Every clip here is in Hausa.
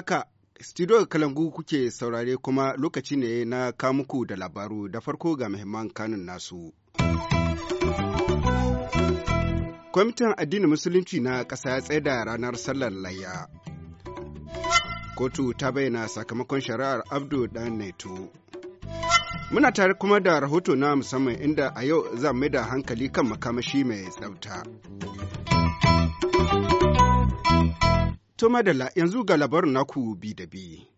haka studio kalangu kuke saurare kuma lokaci ne na kamuku da labaru da farko ga muhimman kanun nasu. Kwamitin addinin Musulunci na ƙasa ya da ranar sallar layya. Kotu ta bayyana sakamakon shari'ar Abdu Dan Naito. Muna tare kuma da rahoto na musamman inda a yau zan mai da hankali kan makamashi mai tsafta. To madalla yanzu ga labarin naku bi da bi.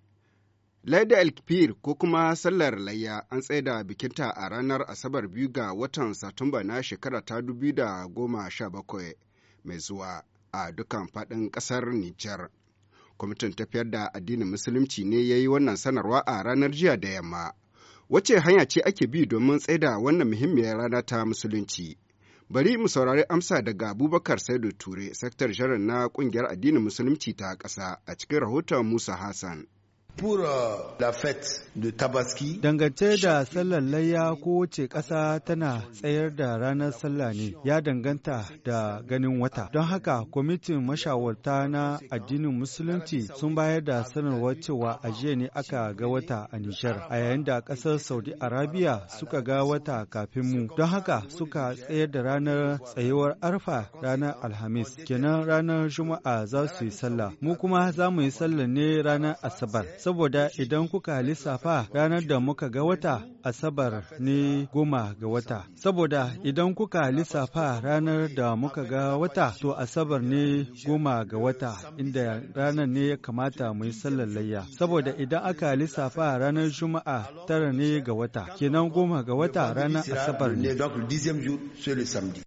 Laida Alkifir ko kuma sallar layya an tsaida bikinta a ranar Asabar biyu ga watan Satumba na shekara ta dubu da goma sha bakwai mai zuwa a dukan faɗin ƙasar Nijar. Kwamitin tafiyar da addinin Musulunci ne ya yi wannan sanarwa a ranar jiya da yamma. Wace hanya ce ake bi domin tsaida wannan muhimmiyar rana ta Musulunci? Bari mu saurari amsa daga Abubakar Saidu Ture, Sektar Janar na Ƙungiyar Addinin Musulunci ta ƙasa a cikin rahoton Musa Hassan. Euh, de tabaski Dangance da sallar layya kowace ƙasa tana tsayar da ranar sallah ne ya danganta da ganin wata. Don haka kwamitin mashawarta na addinin musulunci sun bayar da sanarwar cewa a jiya ne aka ga wata a Nijar, a yayin da ƙasar Saudi Arabia suka ga wata kafin mu. Don haka suka tsayar da ranar tsayuwar Arfa ranar Alhamis, kenan ranar Juma'a za su yi sallah. Mu kuma za mu yi sallah ne ranar Asabar. saboda idan kuka lissafa ranar da muka ga wata Asabar ne goma ga wata, saboda idan kuka lissafa ranar da muka ga wata to Asabar ne goma ga wata inda ranar ne ya kamata mu yi sallar layya, saboda idan aka lissafa ranar Juma'a tara ne ga wata, kenan goma ga wata ranar Asabar ne.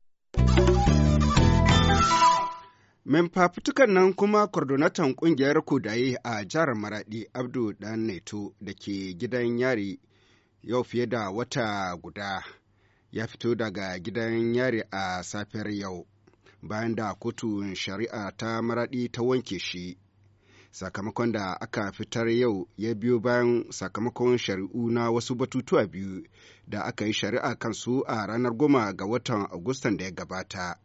Min fafutukan nan kuma kordonatan kungiyar kudaye a jihar Maraɗi Abdu Dan Neto da ke gidan yari yau fiye da wata guda ya fito daga gidan yari a safiyar yau bayan da kotun shari'a ta Maraɗi ta wanke shi. Sakamakon da aka fitar yau ya biyo bayan sakamakon shari'u na wasu batutuwa biyu da aka yi shari'a kansu a ranar goma ga watan Agustan da ya gabata.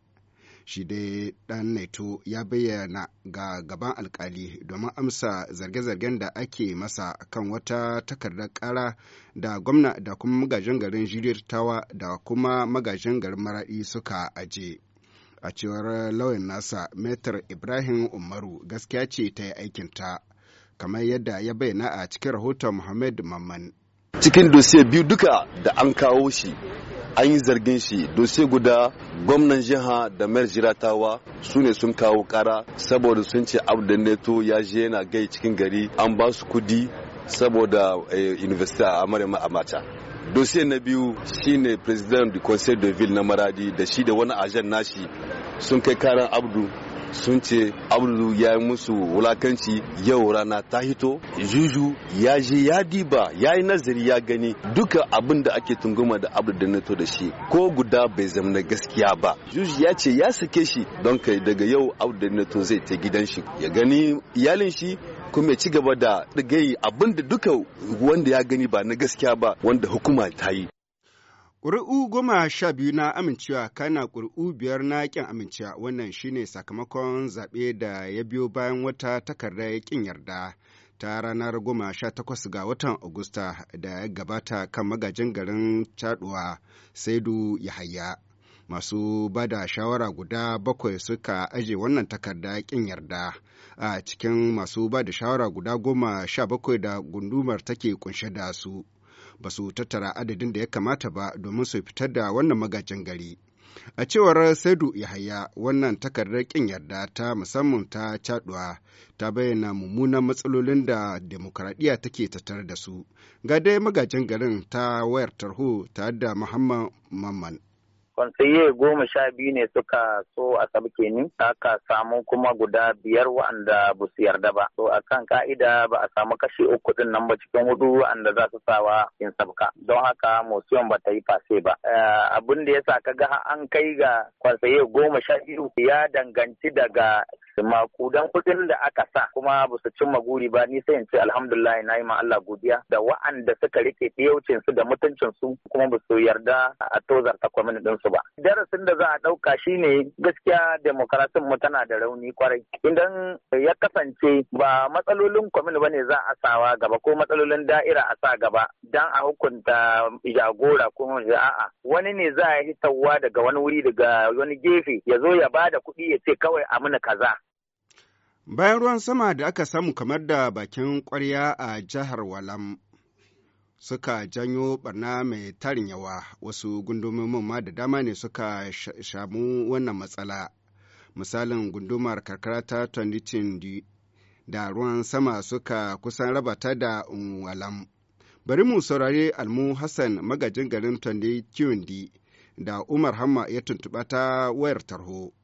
shi dai dan naito ya bayyana ga gaban alkali domin amsa zarge-zargen da ake masa kan wata takardar kara da gwamna da kuma magajin garin tawa da kuma magajin garin maradi suka aje a cewar lauyan nasa metar ibrahim umaru gaskiya ce ta yi aikinta kamar yadda ya bayyana a cikin rahoton muhammad mamman cikin dosiye biyu duka da an kawo shi an yi zargin shi dosiye guda gwamnan jiha da mayar jiratawa su ne sun kawo kara saboda sun ce abu neto ya je yana gai cikin gari an ba su kudi saboda eh, university a a mata dosiye na biyu shine president du conseil de ville na maradi da shi da wani ajan nashi sun kai karan abdu sun ce abdu ya yi musu wulakanci yau rana ta hito juju ya je ya diba ya yi nazari ya gani duka abin da ake tunguma da abdu da nato da shi ko guda bai zama gaskiya ba juju ya ce ya sake shi don kai daga yau abdu da nato zai ta gidan shi ya gani iyalin shi kuma ya ci gaba da ɗigayi abin da duka wanda ya gani ba na gaskiya ba wanda hukuma ta yi ƙuri'u goma sha biyu na amincewa kana ƙuri'u biyar na ƙin amincewa wannan shine sakamakon zaɓe da ya biyo bayan wata ya ƙin yarda ta ranar goma sha takwas ga watan Agusta da ya gabata kan magajin garin Caduwa Saidu Yahaya. Masu ba da shawara guda bakwai suka aje wannan takarda ƙin yarda a cikin masu ba da shawara guda goma sha bakwai da gundumar take kunshe da su. ba su tattara adadin da ya kamata ba domin su fitar da wannan magajin gari. A cewar Saidu Yahaya wannan takardar kin yarda ta musamman ta caduwa ta bayyana mummunan matsalolin da demokradiyya take tattare da su. Ga dai magajin garin ta wayar tarho tare da Muhammad Mamman. kwansaye goma sha biyu ne suka so a sabke ni aka samu kuma guda biyar wa'anda ba su yarda ba to akan ka'ida ba a samu kashi uku din nan ba cikin hudu wa'anda za su sawa in sabka don haka motion ba ta yi fase ba eh, abin da ya sa ka ga an kai ga kwansaye goma sha biyu ya danganci daga makudan kudin da aka sa kuma ba su cimma guri ba ni sai in ce alhamdulillah na yi ma Allah godiya da wa'anda suka rike fiyaucin su da mutuncin su kuma ba su yarda a tozarta kwamin din su ba darasin da za a ɗauka shine gaskiya demokrasin mu tana da rauni kwarai idan ya kasance ba matsalolin kwamin ba ne za a sawa gaba ko matsalolin da'ira a sa gaba dan a hukunta jagora ko a'a wani ne za a hitarwa daga wani wuri daga wani gefe ya zo ya ba da kuɗi ya ce kawai a mana kaza Bayan ruwan sama da aka samu kamar da bakin kwarya a jihar Walam suka janyo barna mai tarin yawa wasu gundumomin ma da dama ne suka shamu wannan matsala. Misalin gundumar karkara ta Tonditin da ruwan sama suka kusan rabata da Walam. Bari mu saurari Almu Hassan magajin garin Tonditin da Umar Hamma ya tuntuɓa ta wayar tarho.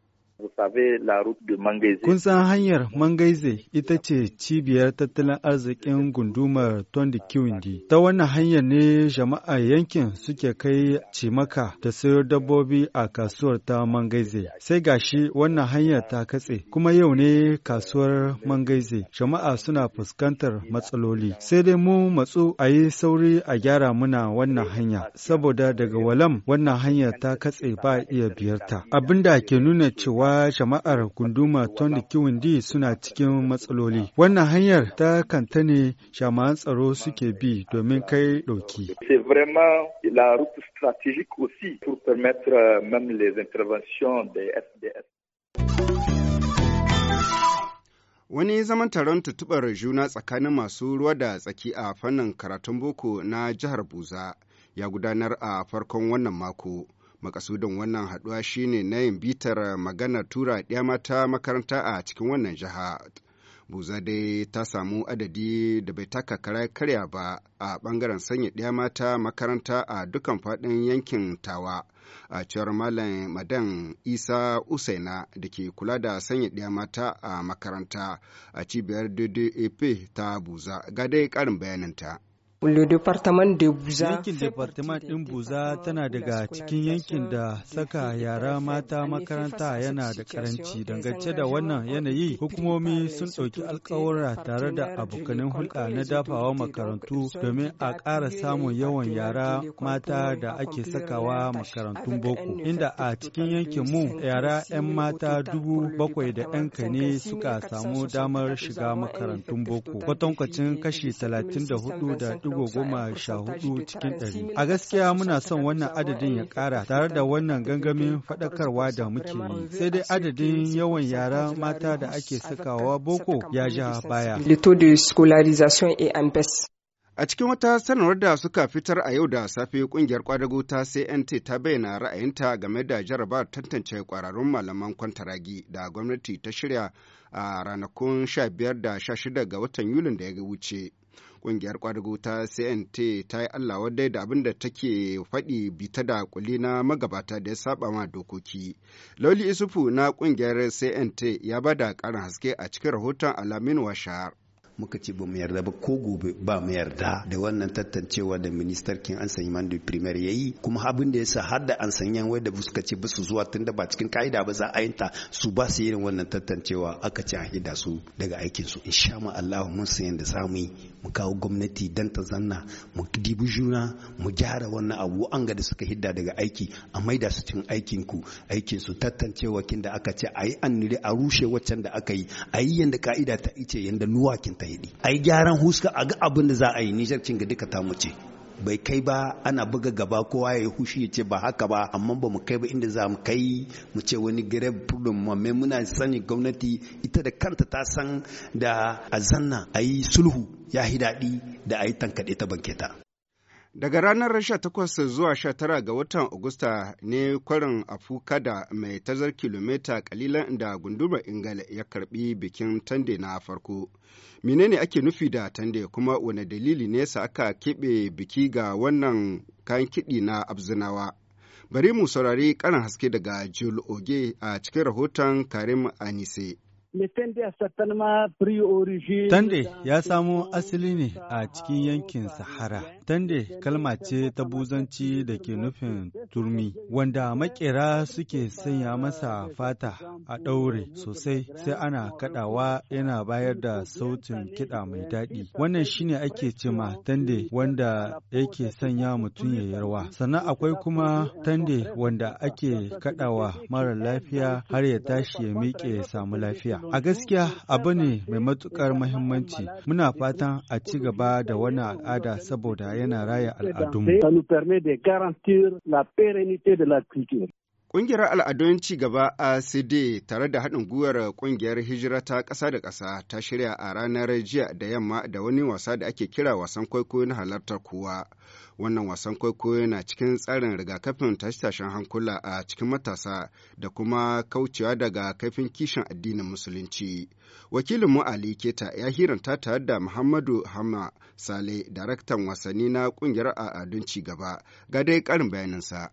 Kun san hanyar Mangaize ita ce cibiyar tattalin arzikin gundumar Tondi Kiwindi. Ta wannan hanyar ne jama'a yankin suke kai cimaka da sayo dabbobi a kasuwar ta Mangaize. Sai gashi wannan hanyar ta katse, kuma yau ne kasuwar Mangaize. Jama'a suna fuskantar matsaloli. Sai dai mu matsu a yi sauri a gyara muna wannan hanya, saboda daga walam wannan hanyar ta katse ba iya biyarta. Abin da ke nuna cewa kuwa jama'ar gunduma Tondi Kiwindi suna cikin matsaloli. Wannan hanyar ta kanta ne jama'an tsaro suke bi domin kai ɗauki. Euh, Wani zaman taron tutubar juna tsakanin masu ruwa da tsaki a fannin karatun boko na jihar Buza ya gudanar a farkon wannan mako. Makasudin wannan haduwa shine na yin bitar maganar tura ɗaya mata makaranta a cikin wannan jiha. Buza dai ta samu adadi da bai taka kara karya ba a bangaren sanya ɗaya mata makaranta a dukan faɗin yankin tawa. a cewar malam madan isa usaina da ke kula da sanya ɗaya mata a makaranta a cibiyar ddap ta buza ga dai ƙarin bayaninta Le département de Buza. Yankin departement ɗin Buza tana daga cikin yankin da saka yara mata makaranta yana da karanci dangance da wannan yanayi hukumomi sun ɗauki alkawura tare da abokanin hulɗa na dafawa makarantu domin a ƙara samun yawan yara mata da ake sakawa makarantun boko inda a cikin yankin mu yara 'yan mata dubu bakwai da 'yan kane suka samu damar shiga makarantun boko kwatankwacin kashi talatin da hudu da hudu cikin A gaskiya muna son wannan adadin ya kara tare da wannan gangamin faɗakarwa da muke yi. Sai dai adadin yawan yara mata da ake sakawa boko ya ja baya. A cikin wata sanarwar da suka fitar a yau da safe kungiyar kwadago ta CNT ta bayyana ra'ayinta game da jarabar tantance kwararrun malaman kwantaragi da gwamnati ta shirya a ranakun 15 da 16 ga watan Yulin da ya wuce. Ƙungiyar ƙwadago ta CNT ta yi Allah wadai da abin da take faɗi bita da kuli na magabata da ya saba ma dokoki. Lauli Isufu na kungiyar CNT ya ba da karin haske a cikin rahoton Alamin Washar. muka ce ba mu yarda ba ko gobe ba mu yarda da wannan tantancewa da ministar kin an sanya mandu da primaire yayi kuma abin da yasa har da an sanya da suka ce ba su zuwa tunda ba cikin kaida ba za a yi su ba su irin wannan tantancewa aka ce an hida su daga aikinsu su insha Allah mun san yanda za mu yi mu kawo gwamnati don ta zanna mu dibi juna mu gyara wannan abu an ga da suka hidda daga aiki a maida su cin aikinku. ku aikin su tantance wakin da aka ce ayi nire a rushe waccan da aka yi ayi yanda ka'ida ta ice yanda nuwakin ta yi ayi gyaran huska a ga abin da za a yi nijar cin ga duka ta mu ce bai kai ba ana buga gaba kowa ya hushi ya ce ba haka ba amma ba mu kai ba inda za mu kai mu ce wani grave problem mai muna sanin gwamnati ita da kanta ta san da a zanna a yi sulhu ya hi daɗi da a yi tankaɗe ta banketa Daga ranar 18 zuwa 19 ga watan Agusta ne kwarin Afukada mai tazar kilomita kalilan da gundumar Ingal ya karbi bikin Tande na farko. Menene ake nufi da Tande kuma wane dalili ne sa aka keɓe biki ga wannan kayan kiɗi na Abzinawa? Bari mu saurari ƙarin haske daga Jul Oge a cikin rahoton Karim Anise. Tande ya samo asali ne a cikin yankin Sahara Tande kalma ce ta buzanci da ke nufin turmi, wanda makera suke sanya masa fata a ɗaure sosai sai ana kaɗawa yana bayar da sautin kiɗa mai daɗi. Wannan shine ake ma tande wanda yake sanya mutum ya yarwa. Sannan akwai kuma tande wanda ake kaɗawa mara lafiya har ya tashi ya miƙe ya samu lafiya. A gaskiya abu ne mai matuƙar muhimmanci. Muna fatan a ci gaba da wannan al'ada saboda yana raya al'adunmu. Ƙungiyar al'adun ci gaba a CD tare da haɗin gwiwar ƙungiyar hijira ta ƙasa da ƙasa ta shirya a ranar jiya da yamma da wani wasa da ake kira wasan kwaikwayo na halartar kowa. wannan wasan kwaikwayo na cikin tsarin rigakafin tashe-tashen hankula a cikin matasa da kuma kaucewa daga kaifin kishin addinin musulunci wakilin mu ali keta ya hiranta tare da muhammadu hama sale daraktan wasanni na kungiyar a ci gaba ga dai karin bayaninsa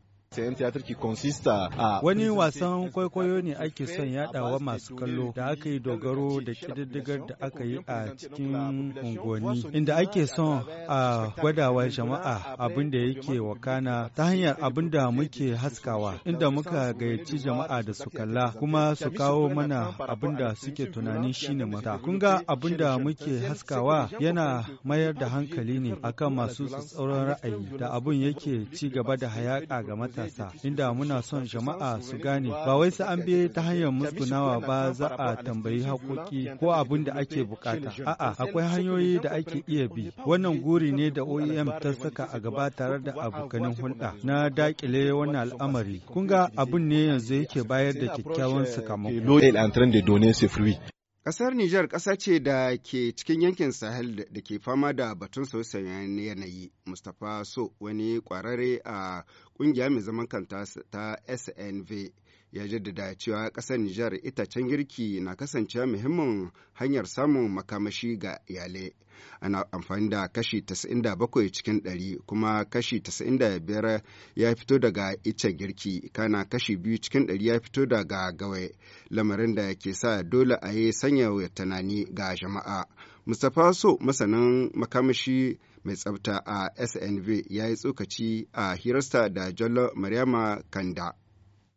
Wani wasan kwaikwayo ne ake son yadawa masu kallo da aka yi dogaro da kididdigar da aka yi a cikin unguwanni, inda ake son a gwadawa jama'a abin da yake wakana ta hanyar abin da muke haskawa, inda muka gayyaci jama'a da su kalla kuma su kawo mana abin da suke tunanin shine mata. Kun ga abin da muke haskawa yana mayar da hankali ne akan masu tsatsauran ra'ayi da abin yake ci gaba da hayaƙa ga mata matasa inda muna son jama'a su gane ba wai sa an bi ta hanyar musgunawa ba za a tambayi hakoki ko abin da ake bukata a'a akwai hanyoyi da ake iya bi wannan guri ne da OEM ta saka a gaba tare da abokanin hulɗa na dakile wannan al'amari kun ga abin ne yanzu yake bayar da kyakkyawan sakamako Ƙasar Nijar ƙasa ce da ke cikin yankin Sahel da ke fama da batun sauyin yanayi. Mustapha So wani ƙwararre a ƙungiya mai zaman kanta ta SNV ya jaddada cewa ƙasar Nijar itacen girki na kasance muhimmin hanyar samun makamashi ga iyalai. Ana amfani da kashi 97 cikin 100 kuma kashi 95 ya fito daga ice girki, kana kashi 2 cikin 100 ya fito daga gawayi, lamarin da ke sa dole a yi sanya tunani ga jama'a. Mustapha So masanin makamashi mai tsafta a SNV ya yi tsokaci a hirarsa da Jallo Maryama Kanda.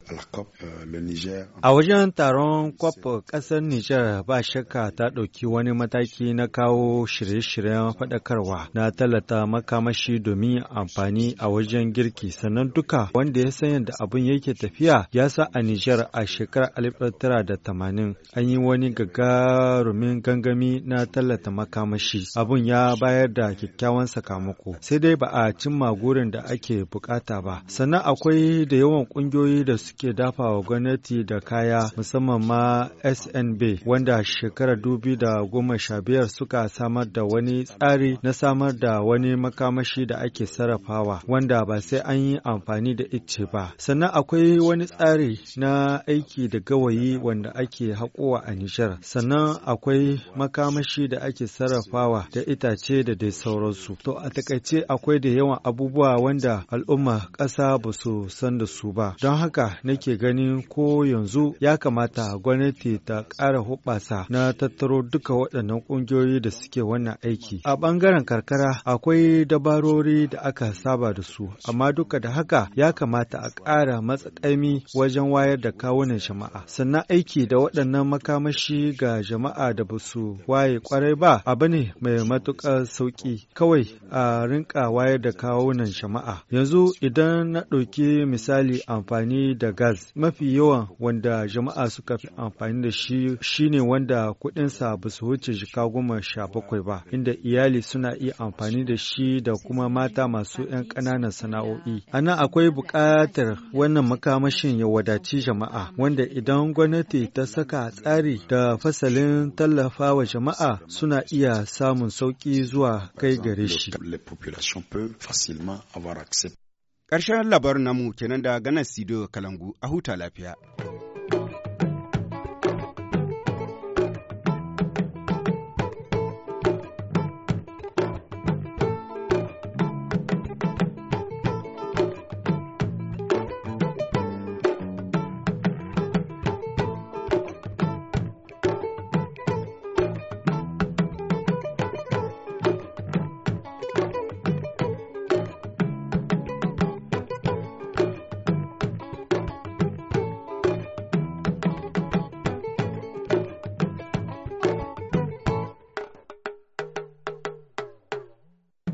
Euh, a wajen taron COP ƙasar Nijar ba shakka ta ɗauki wani mataki na kawo shirye-shiryen faɗakarwa na talata makamashi domin amfani a wajen girki sannan duka wanda ya san yadda abin yake tafiya ya sa a Nijar a shekarar 1980 an yi wani gagarumin gangami na tallata makamashi abin ya bayar da kyakkyawan sakamako sai dai ba a cimma gurin da ake bukata ba sannan akwai da yawan ƙungiyoyi da suke suke dafawa gwamnati da kaya musamman ma SNB wanda shekarar dubi da goma sha biyar suka samar da wani tsari na samar da wani makamashi da ake sarrafawa wanda ba sai an yi amfani da ice ba. Sannan akwai wani tsari na aiki da gawayi wanda ake haƙowa a Nijar. Sannan akwai makamashi da ake sarrafawa da itace da dai sauransu. To a takaice akwai da yawan abubuwa wanda al'umma ƙasa ba su san da su ba. Don haka nake ganin ko yanzu ya kamata gwamnati ta ƙara hubasa na tattaro duka waɗannan ƙungiyoyi da suke wannan aiki. A ɓangaren karkara akwai dabarori da aka saba da su, amma duka da haka ya kamata a ƙara matsakaimi wajen wayar da kawunan jama'a. Sannan aiki da waɗannan makamashi ga jama'a da ba su waye ƙwarai ba abu ne mai matuƙar sauƙi kawai a rinka wayar da kawunan jama'a. Yanzu idan na ɗauki misali amfani da gas mafi yawan wanda jama'a suka fi amfani da shi shine wanda kuɗinsa ba su wuce jika goma sha bakwai ba inda iyali suna iya amfani da shi da kuma mata masu 'yan ƙananan sana'o'i a nan akwai buƙatar wannan makamashin ya wadaci jama'a wanda idan gwamnati ta saka tsari da fasalin tallafawa jama'a suna iya samun sauki zuwa kai gare shi Ƙarshen labarin namu kenan da ganar Sido Kalangu a huta lafiya.